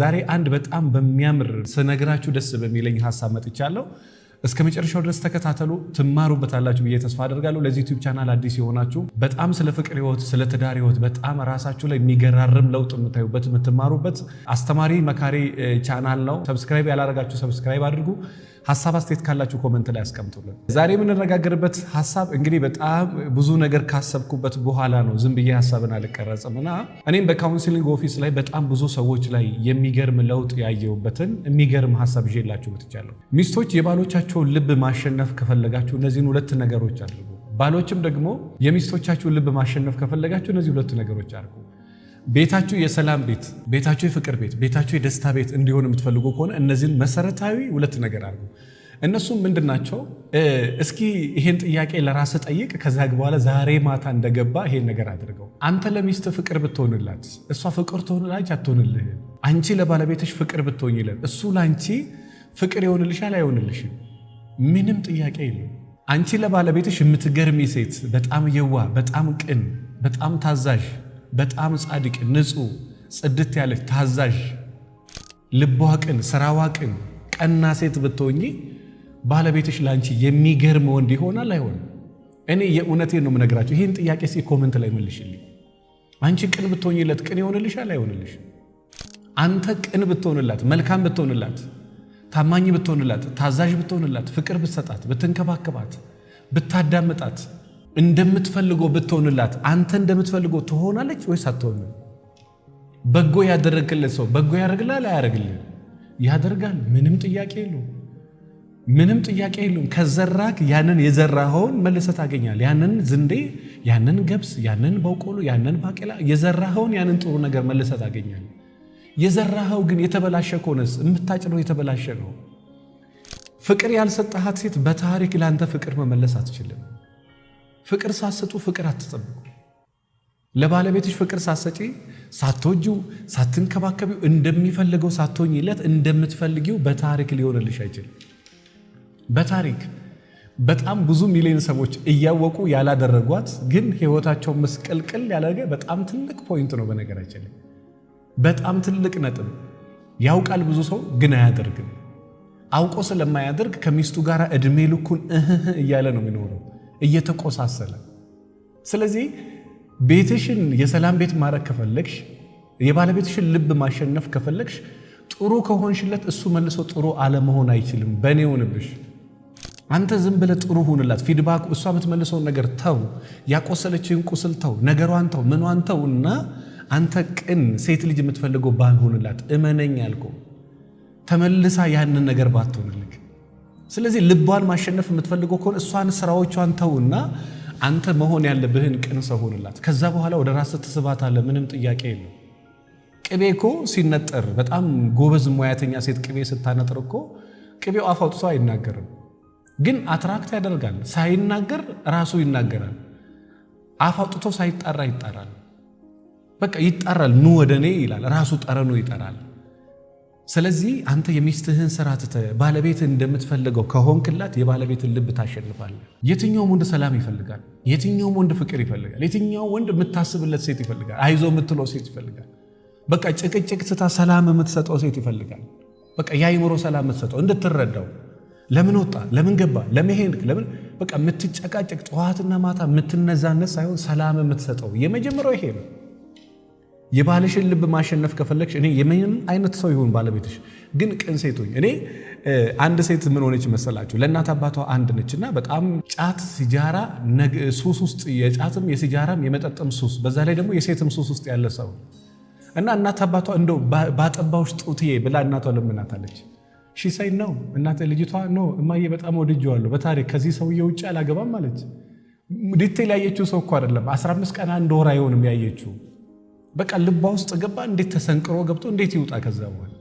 ዛሬ አንድ በጣም በሚያምር ስነግራችሁ ደስ በሚለኝ ሀሳብ መጥቻለሁ። እስከ መጨረሻው ድረስ ተከታተሉ፣ ትማሩበታላችሁ ብዬ ተስፋ አደርጋለሁ። ለዚህ ዩቲዩብ ቻናል አዲስ የሆናችሁ በጣም ስለ ፍቅር ህይወት፣ ስለ ትዳር ህይወት በጣም ራሳችሁ ላይ የሚገራርም ለውጥ የምታዩበት የምትማሩበት አስተማሪ መካሪ ቻናል ነው። ሰብስክራይብ ያላረጋችሁ ሰብስክራይብ አድርጉ። ሀሳብ አስተያየት ካላችሁ ኮመንት ላይ አስቀምጡልን። ዛሬ የምንነጋገርበት ሀሳብ እንግዲህ በጣም ብዙ ነገር ካሰብኩበት በኋላ ነው። ዝም ብዬ ሀሳብን አልቀረጽም እና እኔም በካውንስሊንግ ኦፊስ ላይ በጣም ብዙ ሰዎች ላይ የሚገርም ለውጥ ያየሁበትን የሚገርም ሀሳብ ይዤላችሁ መጥቻለሁ። ሚስቶች የባሎቻቸውን ልብ ማሸነፍ ከፈለጋችሁ እነዚህን ሁለት ነገሮች አድርጉ። ባሎችም ደግሞ የሚስቶቻችሁን ልብ ማሸነፍ ከፈለጋችሁ እነዚህ ሁለት ነገሮች አድርጉ። ቤታችሁ የሰላም ቤት፣ ቤታችሁ የፍቅር ቤት፣ ቤታችሁ የደስታ ቤት እንዲሆን የምትፈልጉ ከሆነ እነዚህን መሰረታዊ ሁለት ነገር አሉ። እነሱም ምንድን ናቸው? እስኪ ይሄን ጥያቄ ለራስ ጠይቅ። ከዛ በኋላ ዛሬ ማታ እንደገባ ይሄን ነገር አድርገው። አንተ ለሚስት ፍቅር ብትሆንላት እሷ ፍቅር ትሆንላለች አትሆንልህ? አንቺ ለባለቤትሽ ፍቅር ብትሆኝለት እሱ ለአንቺ ፍቅር ይሆንልሻል አይሆንልሽም? ምንም ጥያቄ የለም። አንቺ ለባለቤትሽ የምትገርሚ ሴት፣ በጣም የዋ፣ በጣም ቅን፣ በጣም ታዛዥ በጣም ጻድቅ፣ ንጹ ጽድት ያለች፣ ታዛዥ፣ ልቧ ቅን፣ ስራዋ ቅን፣ ቀና ሴት ብትሆኚ ባለቤትሽ ላንቺ የሚገርም ወንድ ይሆናል አይሆንም? እኔ የእውነቴን ነው የምነግራቸው። ይህን ጥያቄ እስኪ ኮመንት ላይ መልሽልኝ። አንቺ ቅን ብትሆኝለት ቅን ይሆንልሻል አይሆንልሽ? አንተ ቅን ብትሆንላት፣ መልካም ብትሆንላት፣ ታማኝ ብትሆንላት፣ ታዛዥ ብትሆንላት፣ ፍቅር ብትሰጣት፣ ብትንከባከባት፣ ብታዳምጣት እንደምትፈልገው ብትሆንላት አንተ እንደምትፈልገው ትሆናለች ወይስ አትሆንም? በጎ ያደረግለት ሰው በጎ ያደርግላል አያደርግልን? ያደርጋል። ምንም ጥያቄ የለውም። ምንም ጥያቄ የለውም። ከዘራክ ያንን የዘራኸውን መልሰ ታገኛል። ያንን ዝንዴ፣ ያንን ገብስ፣ ያንን በቆሎ፣ ያንን ባቄላ የዘራኸውን ያንን ጥሩ ነገር መልሰ ታገኛል። የዘራኸው ግን የተበላሸ ከሆነስ የምታጭለው የተበላሸ ነው። ፍቅር ያልሰጠሃት ሴት በታሪክ ለአንተ ፍቅር መመለስ አትችልም። ፍቅር ሳትሰጡ ፍቅር አትጠብቁ። ለባለቤትሽ ፍቅር ሳትሰጪ ሳትወጂው ሳትንከባከቢው እንደሚፈልገው ሳትሆኝለት እንደምትፈልጊው በታሪክ ሊሆንልሽ አይችልም። በታሪክ በጣም ብዙ ሚሊዮን ሰዎች እያወቁ ያላደረጓት ግን ህይወታቸው ምስቅልቅል ያደረገ በጣም ትልቅ ፖይንት ነው። በነገራችን ላይ በጣም ትልቅ ነጥብ ያውቃል ብዙ ሰው ግን አያደርግም። አውቆ ስለማያደርግ ከሚስቱ ጋር እድሜ ልኩን እህህ እያለ ነው የሚኖረው። እየተቆሳሰለ። ስለዚህ ቤትሽን የሰላም ቤት ማድረግ ከፈለግሽ፣ የባለቤትሽን ልብ ማሸነፍ ከፈለግሽ፣ ጥሩ ከሆንሽለት እሱ መልሶ ጥሩ አለመሆን አይችልም። በእኔ ሆንብሽ አንተ ዝም ብለ ጥሩ ሁንላት። ፊድባክ እሷ የምትመልሰውን ነገር ተው፣ ያቆሰለችን ቁስል ተው፣ ነገሯን ተው፣ ምኗን ተው እና አንተ ቅን ሴት ልጅ የምትፈልገው ባል እመነኝ ያልኩ ተመልሳ ያንን ነገር ባትሆንልክ ስለዚህ ልቧን ማሸነፍ የምትፈልገው ከሆነ እሷን ስራዎቿን ተውና አንተ መሆን ያለብህን ቅን ሰው ሆንላት። ከዛ በኋላ ወደ ራስ ትስባት አለ። ምንም ጥያቄ የለው። ቅቤ እኮ ሲነጠር በጣም ጎበዝ ሙያተኛ ሴት ቅቤ ስታነጥር እኮ ቅቤው አፍ አውጥቶ አይናገርም፣ ግን አትራክት ያደርጋል። ሳይናገር ራሱ ይናገራል። አፍ አውጥቶ ሳይጣራ ይጣራል። በቃ ይጣራል። ኑ ወደ እኔ ይላል። ራሱ ጠረኑ ይጠራል። ስለዚህ አንተ የሚስትህን ስራ ትተህ ባለቤትህ እንደምትፈልገው ከሆንክላት የባለቤትን ልብ ታሸንፋለህ። የትኛውም ወንድ ሰላም ይፈልጋል። የትኛውም ወንድ ፍቅር ይፈልጋል። የትኛው ወንድ የምታስብለት ሴት ይፈልጋል። አይዞ የምትለው ሴት ይፈልጋል። በቃ ጭቅጭቅ ትታ ሰላም የምትሰጠው ሴት ይፈልጋል። በቃ ያይምሮ ሰላም የምትሰጠው እንድትረዳው ለምን ወጣ፣ ለምን ገባ፣ ለመሄድ ለምን በቃ የምትጨቃጨቅ ጠዋትና ማታ የምትነዛነት ሳይሆን ሰላም የምትሰጠው የመጀመሪያው ይሄ ነው። የባልሽን ልብ ማሸነፍ ከፈለግሽ እኔ የምንም አይነት ሰው ይሁን ባለቤትሽ ግን ቅን ሴቶኝ እኔ አንድ ሴት ምን ሆነች መሰላችሁ? ለእናት አባቷ አንድ ነች እና በጣም ጫት፣ ሲጃራ ሱስ ውስጥ የጫትም የሲጃራም የመጠጥም ሱስ በዛ ላይ ደግሞ የሴትም ሱስ ውስጥ ያለ ሰው እና እናት አባቷ እንደው ባጠባዎች ጡትዬ ብላ እናቷ ለምናታለች። ሺሳይ ነው እናት ልጅቷ ነው እማዬ በጣም ወድጀዋለሁ፣ በታሪክ ከዚህ ሰውዬ ውጭ አላገባም አለች። ዲቴል ያየችው ሰው እኮ አይደለም 15 ቀን አንድ ወር አይሆንም ያየችው በቃ ልባ ውስጥ ገባ። እንዴት ተሰንቅሮ ገብቶ እንዴት ይውጣ? ከዛ በኋላ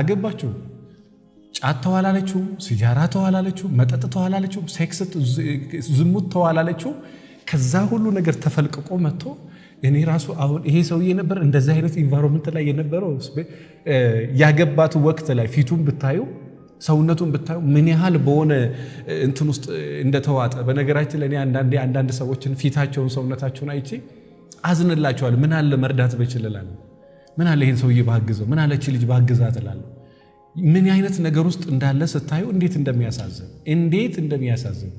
አገባችሁ፣ ጫት ተዋላለችው፣ ሲጃራ ተዋላለችው፣ መጠጥ ተዋላለችው፣ ሴክስ ዝሙት ተዋላለችው። ከዛ ሁሉ ነገር ተፈልቅቆ መጥቶ እኔ ራሱ አሁን ይሄ ሰውዬ ነበር እንደዚህ አይነት ኢንቫይሮንመንት ላይ የነበረው። ያገባት ወቅት ላይ ፊቱን ብታዩ ሰውነቱን ብታዩ ምን ያህል በሆነ እንትን ውስጥ እንደተዋጠ። በነገራችን ለእኔ አንዳንድ ሰዎችን ፊታቸውን ሰውነታቸውን አይቼ አዝንላቸዋል። ምን አለ መርዳት በችል ምን አለ ይህን ሰውዬ ባግዘው፣ ምን አለች ልጅ ባግዛት እላለሁ። ምን አይነት ነገር ውስጥ እንዳለ ስታዩ እንዴት እንደሚያሳዝን እንዴት እንደሚያሳዝን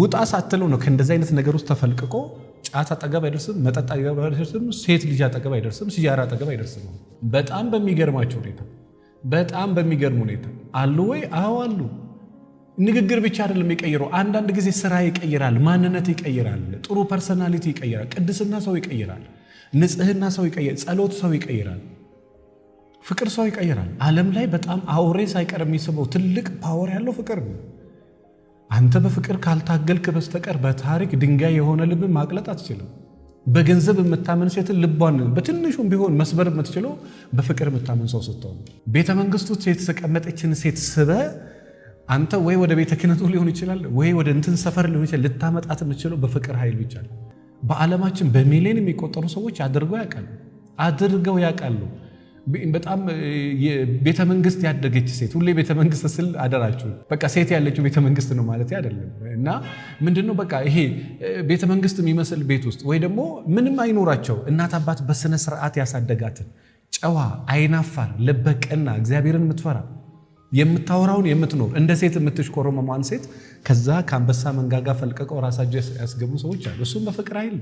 ውጣ ሳትለው ነው ከእንደዚህ አይነት ነገር ውስጥ ተፈልቅቆ ጫት አጠገብ አይደርስም፣ መጠጥ አጠገብ አይደርስም፣ ሴት ልጅ አጠገብ አይደርስም፣ ሲጃራ አጠገብ አይደርስም። በጣም በሚገርማቸው ሁኔታ በጣም በሚገርም ሁኔታ አሉ ወይ? አዎ አሉ። ንግግር ብቻ አይደለም የቀይረው። አንዳንድ ጊዜ ስራ ይቀይራል፣ ማንነት ይቀይራል፣ ጥሩ ፐርሰናሊቲ ይቀይራል፣ ቅድስና ሰው ይቀይራል፣ ንጽህና ሰው ይቀይራል፣ ጸሎት ሰው ይቀይራል፣ ፍቅር ሰው ይቀይራል። ዓለም ላይ በጣም አውሬ ሳይቀር የሚስበው ትልቅ ፓወር ያለው ፍቅር ነው። አንተ በፍቅር ካልታገልክ በስተቀር በታሪክ ድንጋይ የሆነ ልብ ማቅለጥ አትችልም። በገንዘብ የምታመን ሴትን ልቧን በትንሹም ቢሆን መስበር የምትችለው በፍቅር የምታመን ሰው ስትሆን፣ ቤተ መንግስቱ የተቀመጠችን ሴት ስበ አንተ ወይ ወደ ቤተ ክህነቱ ሊሆን ይችላል፣ ወይ ወደ እንትን ሰፈር ሊሆን ይችላል። ልታመጣት የምችለው በፍቅር ኃይል ብቻ በዓለማችን በሚሊዮን የሚቆጠሩ ሰዎች አድርገው ያውቃሉ አድርገው ያውቃሉ። በጣም ቤተ መንግስት ያደገች ሴት ሁሌ ቤተ መንግስት ስል አደራችሁ፣ በቃ ሴት ያለችው ቤተ መንግስት ነው ማለት አይደለም። እና ምንድነው በቃ ይሄ ቤተ መንግስት የሚመስል ቤት ውስጥ ወይ ደግሞ ምንም አይኖራቸው እናት አባት በስነ ስርዓት ያሳደጋትን ጨዋ አይናፋር ልበ እግዚአብሔርን የምትፈራ የምታወራውን የምትኖር እንደ ሴት የምትሽኮረመሟን ሴት ከዛ ከአንበሳ መንጋጋ ፈልቀቀው ራሳቸው ያስገቡ ሰዎች አሉ። እሱም በፍቅር አይል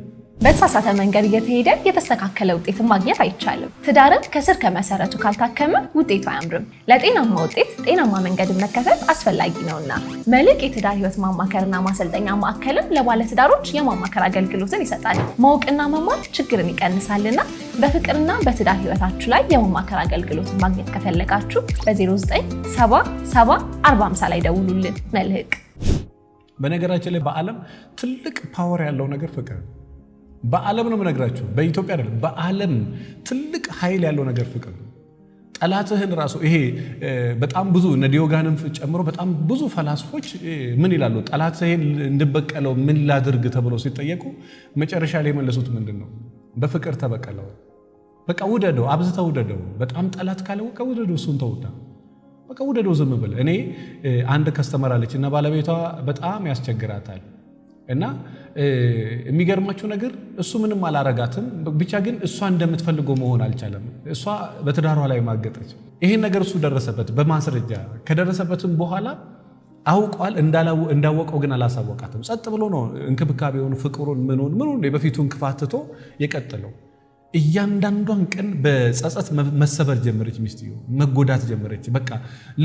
በተሳሳተ መንገድ እየተሄደ የተስተካከለ ውጤትን ማግኘት አይቻልም። ትዳርን ከስር ከመሰረቱ ካልታከመ ውጤቱ አያምርም። ለጤናማ ውጤት ጤናማ መንገድን መከተል አስፈላጊ ነውና መልሕቅ የትዳር ህይወት ማማከርና ማሰልጠኛ ማዕከልም ለባለትዳሮች የማማከር አገልግሎትን ይሰጣል። ማወቅና መማር ችግርን ይቀንሳልና በፍቅርና በትዳር ህይወታችሁ ላይ የማማከር አገልግሎትን ማግኘት ከፈለጋችሁ በ 450 ላይ ደውሉልን። መልሕቅ በነገራችን ላይ በዓለም ትልቅ ፓወር ያለው ነገር ፍቅር በዓለም ነው የምነግራችሁ፣ በኢትዮጵያ አይደለም። በዓለም ትልቅ ኃይል ያለው ነገር ፍቅር ጠላትህን ራሱ ይሄ በጣም ብዙ እነ ዲዮጋንም ጨምሮ በጣም ብዙ ፈላስፎች ምን ይላሉ? ጠላትህን እንድበቀለው ምን ላድርግ ተብሎ ሲጠየቁ መጨረሻ ላይ የመለሱት ምንድን ነው? በፍቅር ተበቀለው። በቃ ውደደው፣ አብዝተ ውደደው። በጣም ጠላት ካለወቀ ውደደው፣ እሱን ተውዳ በቃ ውደደው፣ ዝም ብል። እኔ አንድ ከስተመር አለች እና ባለቤቷ በጣም ያስቸግራታል እና የሚገርማቸው ነገር እሱ ምንም አላረጋትም። ብቻ ግን እሷ እንደምትፈልገው መሆን አልቻለም። እሷ በትዳሯ ላይ ማገጠች። ይሄን ነገር እሱ ደረሰበት በማስረጃ ከደረሰበትም በኋላ አውቋል። እንዳወቀው ግን አላሳወቃትም። ጸጥ ብሎ ነው እንክብካቤውን፣ ፍቅሩን፣ ምኑን ምኑን የበፊቱን ክፋትቶ የቀጥለው እያንዳንዷን ቀን በጸጸት መሰበር ጀመረች። ሚስትዮ መጎዳት ጀመረች። በቃ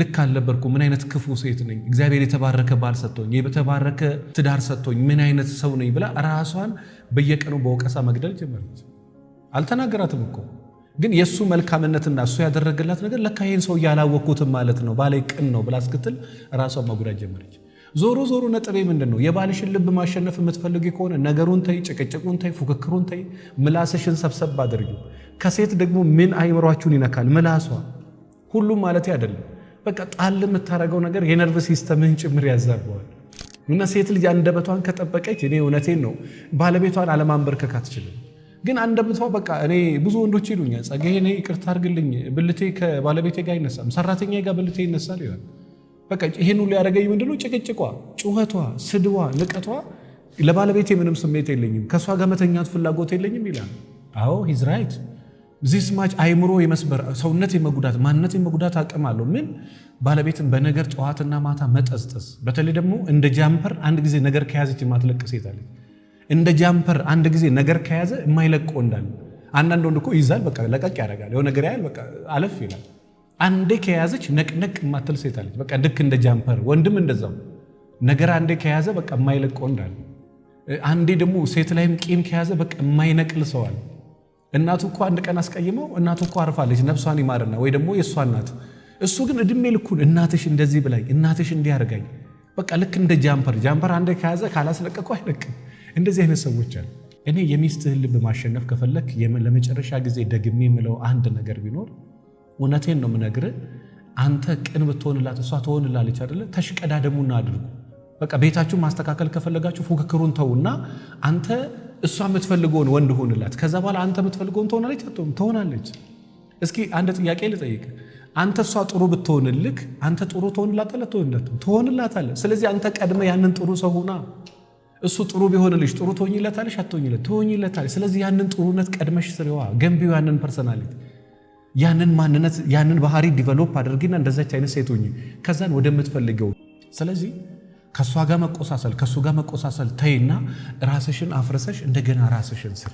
ልክ አልነበርኩ፣ ምን አይነት ክፉ ሴት ነኝ፣ እግዚአብሔር የተባረከ ባል ሰጥቶኝ፣ የተባረከ ትዳር ሰጥቶኝ፣ ምን አይነት ሰው ነኝ ብላ ራሷን በየቀኑ በወቀሳ መግደል ጀመረች። አልተናገራትም እኮ ግን የእሱ መልካምነትና እሱ ያደረገላት ነገር ለካ ይህን ሰው እያላወቅኩትም ማለት ነው፣ ባላይ ቅን ነው ብላ እስክትል ራሷን መጉዳት ጀመረች። ዞሮ ዞሮ ነጥቤ ምንድን ነው? የባልሽን ልብ ማሸነፍ የምትፈልጊ ከሆነ ነገሩን ተይ፣ ጭቅጭቁን ተይ፣ ፉክክሩን ተይ፣ ምላስሽን ሰብሰብ አድርጊ። ከሴት ደግሞ ምን አይምሯችሁን ይነካል? ምላሷ። ሁሉም ማለት አይደለም። በቃ ጣል የምታደርገው ነገር የነርቭ ሲስተምህን ጭምር ያዛበዋል። እና ሴት ልጅ አንደበቷን ከጠበቀች እኔ እውነቴን ነው ባለቤቷን አለማንበርከክ አትችልም። ግን አንደበቷ በቃ እኔ ብዙ ወንዶች ይሉኛል፣ ጸጋዬ እኔ ይቅርታ አድርግልኝ ብልቴ ከባለቤቴ ጋር አይነሳም፣ ሰራተኛ ጋር ብልቴ ይነሳል ይላል። በቃ ይሄን ሁሉ ያደረገኝ ምንድነው? ጭቅጭቋ፣ ጩኸቷ፣ ስድቧ፣ ንቀቷ። ለባለቤቴ ምንም ስሜት የለኝም፣ ከእሷ ጋር መተኛት ፍላጎት የለኝም ይላል። አዎ ሂዝ ራይት። ዚስ ማች አይምሮ የመስበር ሰውነት የመጉዳት ማንነት የመጉዳት አቅም አለው። ምን ባለቤትን በነገር ጠዋትና ማታ መጠስጠስ። በተለይ ደግሞ እንደ ጃምፐር አንድ ጊዜ ነገር ከያዘች የማትለቅ ሴት አለች። እንደ ጃምፐር አንድ ጊዜ ነገር ከያዘ የማይለቅ ወንድ አለ። አንዳንድ ወንድ እኮ ይዛል፣ በቃ ለቀቅ ያደርጋል። የሆነ ነገር ያህል በቃ አለፍ ይላል። አንዴ ከያዘች ነቅነቅ የማትል ሴት አለች። በቃ ልክ እንደ ጃምፐር ወንድም እንደዛው ነገር አንዴ ከያዘ በቃ የማይለቅ ወንድ አለ። አንዴ ደግሞ ሴት ላይም ቂም ከያዘ በቃ የማይነቅል ሰው አለ። እናቱ እኮ አንድ ቀን አስቀይመው እናቱ እኮ አርፋለች፣ ነፍሷን ይማርና ወይ ደግሞ የእሷ እናት። እሱ ግን እድሜ ልኩን እናትሽ እንደዚህ ብላኝ፣ እናትሽ እንዲያርጋኝ፣ በቃ ልክ እንደ ጃምፐር ጃምፐር አንዴ ከያዘ ካላስለቀቁ አይለቅም። እንደዚህ አይነት ሰዎች አሉ። እኔ የሚስትህን ልብ ማሸነፍ ከፈለክ ለመጨረሻ ጊዜ ደግሜ የምለው አንድ ነገር ቢኖር እውነቴን ነው ምነግር፣ አንተ ቅን ብትሆንላት እሷ ትሆንላለች አይደለ? ተሽቀዳደሙና አድርጉ። በቃ ቤታችሁ ማስተካከል ከፈለጋችሁ ፉክክሩን ተውና አንተ እሷ የምትፈልገውን ወንድ ሆንላት። ከዛ በኋላ አንተ የምትፈልገውን ትሆናለች ትሆናለች። እስኪ አንድ ጥያቄ ልጠይቅ። አንተ እሷ ጥሩ ብትሆንልክ አንተ ጥሩ ትሆንላታለህ ትሆንላታለህ። ስለዚህ አንተ ቀድመ ያንን ጥሩ ሰው ሁና። እሱ ጥሩ ቢሆንልሽ ጥሩ ትሆኝለታለሽ አትሆኝለት? ትሆኝለታለሽ። ስለዚህ ያንን ጥሩነት ቀድመሽ ስሪዋ፣ ገንቢው ያንን ፐርሰናሊቲ ያንን ማንነት ያንን ባህሪ ዲቨሎፕ አድርጊና እንደዛች አይነት ሴት ሁኚ፣ ከዛን ወደምትፈልገው። ስለዚህ ከእሷ ጋር መቆሳሰል ከእሱ ጋር መቆሳሰል ተይና ራስሽን አፍረሰሽ እንደገና ራስሽን ስሪ።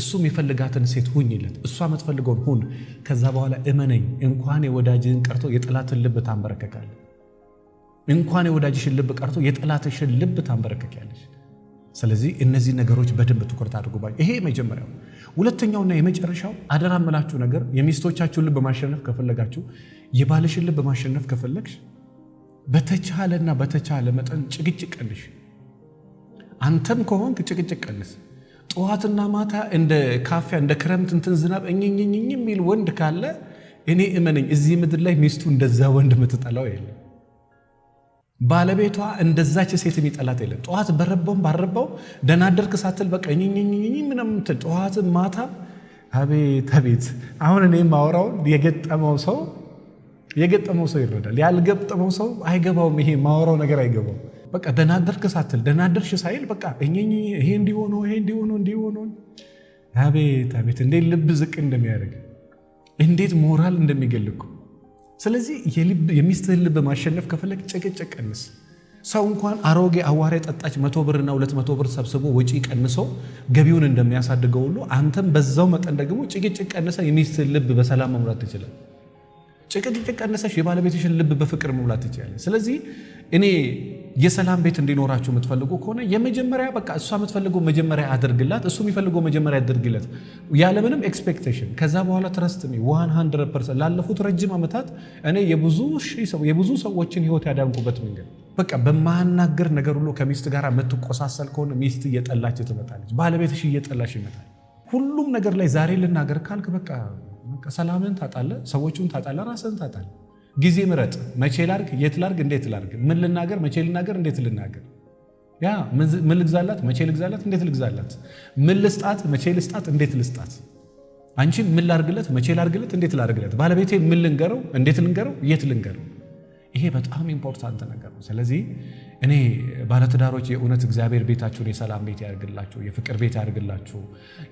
እሱም የፈልጋትን ሴት ሁኝለት፣ እሷ የምትፈልገውን ሁን። ከዛ በኋላ እመነኝ፣ እንኳን የወዳጅን ቀርቶ የጠላትን ልብ ታንበረከካለች። እንኳን የወዳጅሽን ልብ ቀርቶ የጠላትሽን ልብ ታንበረከኪያለች። ስለዚህ እነዚህ ነገሮች በደንብ ትኩረት አድርጉባቸው። ይሄ የመጀመሪያው። ሁለተኛውና የመጨረሻው አደራ ምላችሁ ነገር የሚስቶቻችሁን ልብ ማሸነፍ ከፈለጋችሁ፣ የባለሽን ልብ ማሸነፍ ከፈለግሽ በተቻለና በተቻለ መጠን ጭቅጭቅ ቀንሽ። አንተም ከሆንክ ጭቅጭቅ ቀንስ። ጠዋትና ማታ እንደ ካፊያ እንደ ክረምት እንትን ዝናብ እኝኝኝኝ የሚል ወንድ ካለ እኔ እመነኝ እዚህ ምድር ላይ ሚስቱ እንደዛ ወንድ የምትጠላው የለም። ባለቤቷ እንደዛች ሴት የሚጠላት የለም። ጠዋት በረባውም ባረባው ደናደርክ ሳትል በቃ ምናምን ጠዋትን ማታ አቤት አቤት። አሁን እኔ ማውራው የገጠመው ሰው የገጠመው ሰው ይረዳል። ያልገጠመው ሰው አይገባውም። ይሄ ማውራው ነገር አይገባው። በቃ ደናደርክ ሳትል ደናደርሽ ሳይል በቃ ይሄ እንዲሆነ ይሄ እንዲሆነ እንዲሆነ አቤት አቤት፣ እንዴት ልብ ዝቅ እንደሚያደርግ እንዴት ሞራል እንደሚገልግ ስለዚህ የሚስትህን ልብ ማሸነፍ ከፈለግ ጭቅጭቅ ቀንስ። ሰው እንኳን አሮጌ አዋራ ጠጣች መቶ ብርና ሁለት መቶ ብር ሰብስቦ ወጪ ቀንሶ ገቢውን እንደሚያሳድገው ሁሉ አንተም በዛው መጠን ደግሞ ጭቅጭቅ ቀንሰ የሚስትህን ልብ በሰላም መሙላት ትችላል። ጭቅጭቅ ቀንሰሽ የባለቤትሽን ልብ በፍቅር መሙላት ትችላል። ስለዚህ እኔ የሰላም ቤት እንዲኖራችሁ የምትፈልጉ ከሆነ የመጀመሪያ በቃ እሷ የምትፈልገው መጀመሪያ አድርግላት፣ እሱ የሚፈልገው መጀመሪያ አድርግለት፣ ያለምንም ኤክስፔክቴሽን። ከዛ በኋላ ትረስት ሚ 100 ፐርሰንት። ላለፉት ረጅም ዓመታት እኔ የብዙ ሰዎችን ህይወት ያዳንኩበት መንገድ በቃ በማናገር ነገር ሁሉ ከሚስት ጋር የምትቆሳሰል ከሆነ ሚስት እየጠላች ትመጣለች፣ ባለቤትሽ እየጠላሽ ይመጣል። ሁሉም ነገር ላይ ዛሬ ልናገር ካልክ በቃ ሰላምን ታጣለ፣ ሰዎቹን ታጣለ፣ ራስን ታጣለ። ጊዜ ምረጥ። መቼ ላርግ፣ የት ላርግ፣ እንዴት ላርግ፣ ምን ልናገር፣ መቼ ልናገር፣ እንዴት ልናገር፣ ያ ምን ልግዛላት፣ መቼ ልግዛላት፣ እንዴት ልግዛላት፣ ምን ልስጣት፣ መቼ ልስጣት፣ እንዴት ልስጣት፣ አንቺ ምን ላርግለት፣ መቼ ላርግለት፣ እንዴት ላርግለት፣ ባለቤቴ ምን ልንገረው፣ እንዴት ልንገረው፣ የት ልንገረው ይሄ በጣም ኢምፖርታንት ነገር ነው። ስለዚህ እኔ ባለትዳሮች የእውነት እግዚአብሔር ቤታችሁን የሰላም ቤት ያደርግላችሁ፣ የፍቅር ቤት ያደርግላችሁ፣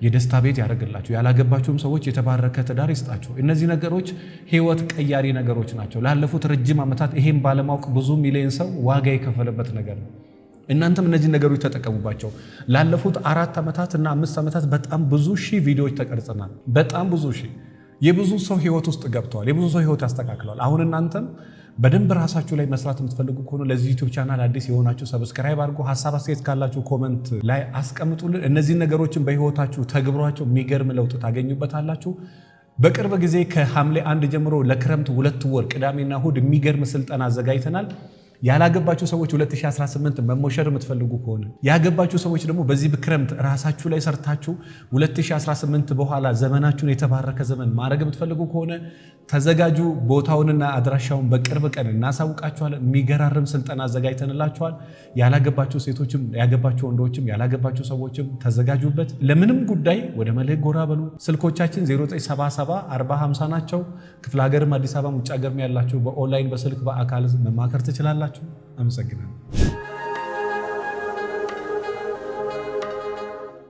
የደስታ ቤት ያደርግላችሁ። ያላገባችሁም ሰዎች የተባረከ ትዳር ይስጣችሁ። እነዚህ ነገሮች ህይወት ቀያሪ ነገሮች ናቸው። ላለፉት ረጅም ዓመታት ይሄም ባለማወቅ ብዙ ሚሊዮን ሰው ዋጋ የከፈለበት ነገር ነው። እናንተም እነዚህ ነገሮች ተጠቀሙባቸው። ላለፉት አራት ዓመታት እና አምስት ዓመታት በጣም ብዙ ሺህ ቪዲዮዎች ተቀርጸናል። በጣም ብዙ ሺህ የብዙ ሰው ህይወት ውስጥ ገብተዋል። የብዙ ሰው ህይወት ያስተካክለዋል። አሁን እናንተም በደንብ ራሳችሁ ላይ መስራት የምትፈልጉ ከሆኑ ለዚህ ዩቱብ ቻናል አዲስ የሆናችሁ ሰብስክራይብ አድርጎ ሀሳብ አስተያየት ካላችሁ ኮመንት ላይ አስቀምጡልን። እነዚህን ነገሮችን በህይወታችሁ ተግብሯቸው የሚገርም ለውጥ ታገኙበታላችሁ። በቅርብ ጊዜ ከሐምሌ አንድ ጀምሮ ለክረምት ሁለት ወር ቅዳሜና እሁድ የሚገርም ስልጠና አዘጋጅተናል። ያላገባችሁ ሰዎች 2018 መሞሸር የምትፈልጉ ከሆነ ያገባችሁ ሰዎች ደግሞ በዚህ ክረምት ራሳችሁ ላይ ሰርታችሁ 2018 በኋላ ዘመናችሁን የተባረከ ዘመን ማድረግ የምትፈልጉ ከሆነ ተዘጋጁ። ቦታውንና አድራሻውን በቅርብ ቀን እናሳውቃችኋለን። የሚገራርም ስልጠና አዘጋጅተንላችኋል። ያላገባችሁ ሴቶችም ያገባችሁ ወንዶችም ያላገባችሁ ሰዎችም ተዘጋጁበት። ለምንም ጉዳይ ወደ መልሕቅ ጎራ በሉ። ስልኮቻችን 0977 ናቸው። ክፍለ ሀገርም አዲስ አበባም ውጭ ሀገርም ያላችሁ በኦንላይን በስልክ በአካል መማከር ትችላላችሁ። ስለመጣችሁ አመሰግናለሁ።